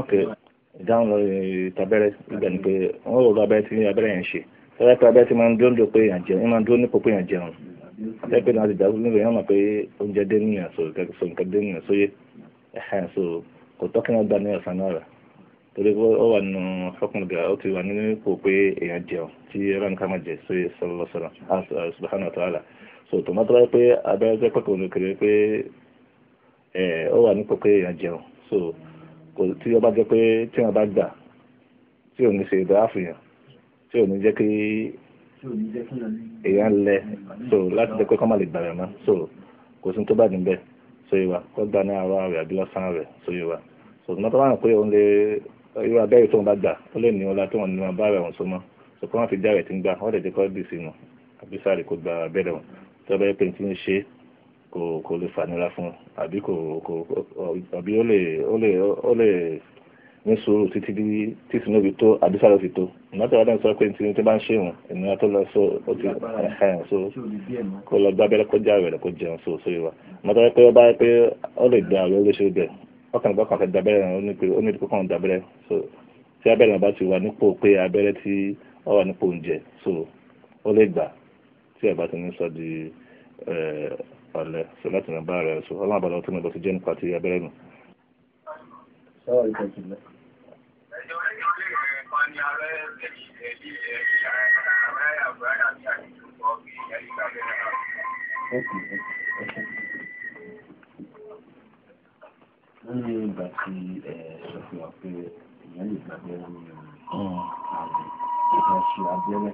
ok ìdáhùn lórí tàbẹ́rẹ́ ìgbà ni pé wọ́n rò lọ abẹ́rẹ́ tí abẹ́rẹ́ yẹn ṣe tọ́lá pé abẹ́rẹ́ tí máa ń dúró nípò pé èèyàn jẹun máa ń dúró nípò pé èèyàn jẹun tẹ́lẹ̀ pé náà ti dàgbù nígbà yẹn mọ̀ pé oúnjẹ dé nìyẹn so nǹkan dé nìyẹn sóyè ẹ̀hẹ́n so kò tọ́ kí wọ́n gba ní ọ̀sán náà rà torí pé ó wà nínú fọkànlá ó ti wà nínú ipò pé èèyàn jẹun tí ẹran ká má jẹ sóyè sọlọ́sọlọ́ subhanahu wa ta'ala so tòmátọ́ pé abẹ́rẹ́ pẹ́ kò ní kéré pé ó wà nípò pé èèyàn jẹun so kò tí ó bá jẹ́ pé tí wọ́n bá gbà tí ò ní ṣe ìdọ́rà fún tí ò ní jẹ́ kí èèyàn lẹ so láti jẹ́ pé kọ́ má lè gbàrẹ̀ mọ́ so kò sí tó bá dín bẹ́ẹ̀ so yìí kọ́ gba ní ara rẹ̀ àbí lọ́sàn-án rẹ̀ so yìí so mọ́tò wà pé òun lè irú abẹ́rẹ́ tó ń bá gbà ó lè ní ọlá tó ń ní wọn bá rẹ̀ wọn so mọ́ so kọ́ wọn fi já rẹ̀ tí ń gbà wọ́n lè jẹ́ kọ́ kò kò lè fànira fún àbí kò kò àbí ó lè ó lè ó lè ní sùúrù títí tí títí náà fi tó àdúsàrò fi tó ìmọ̀tò ọ̀dọ́ sọ pé tí tí bá ń ṣe ìwọ̀n tó lọ sọ ó ti ẹ̀hẹ́n so kó lọ gbá abẹ́rẹ́ kó já rẹ̀ kó jẹun so sórí wa ìmọ̀tò ọ̀dọ́ pé ó bá pé ó lè gba àwọn olóṣèlú bẹ̀ ọkàn gbọ́kàn fẹ́ dábẹ́rẹ́ ó ní pé ó ní ìdíkọ́ kan dábẹ́rẹ́ so tí abẹ́rẹ́ náà bá ti wà nípò pé abẹ́rẹ́ tí ó wà nípò oúnjẹ so ó lè gbà tí ẹ̀ bá ti ní sọ di ọ̀lẹ́ sọ láti ràn bá rẹ̀ sọ ọlọ́run àbàdàn tó mọ̀ bọ́ ti jẹ́ nípa ti abẹ́rẹ́ nù. wọ́n ní ìgbà tí ẹ sọ fún wa pé èèyàn lè gbàgbé wọn ní ọ̀rọ̀ àbí ìgbà ṣe abẹ́rẹ́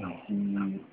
àti hmm.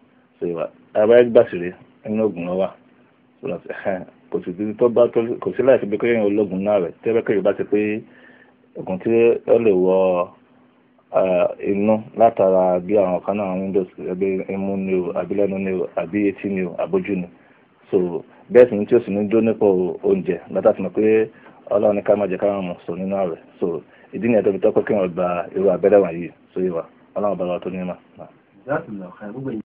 sèwà abáyé gbàsèrè ẹni ogun lọ wà eh, kò sì ti tó bá kò sí láì fi bí kéèyàn ológun náà rẹ tí ẹbẹ kéèyàn bá ti pé ogun tí ó lè wọ eh, inú látara bí àwọn kan náà windows ẹbí imú ni o àbí lẹ́nu ni o àbí etí ni o àbójú ni so bẹ́ẹ̀ sì ni tí ó sì ní dó nípa oúnjẹ látà fi mọ̀ pé ọlọ́run ní ká má jẹ́ káwọn mọ̀ sọ nínú ààrẹ so ìdí nìyẹn tó fi tọ́pẹ́ kéèyàn gba irú abẹ́rẹ́ wọ̀nyí sóyè wa ọlọ́run bá wa tó ní mà. láti lọ ọ̀ka gbogbo ẹ̀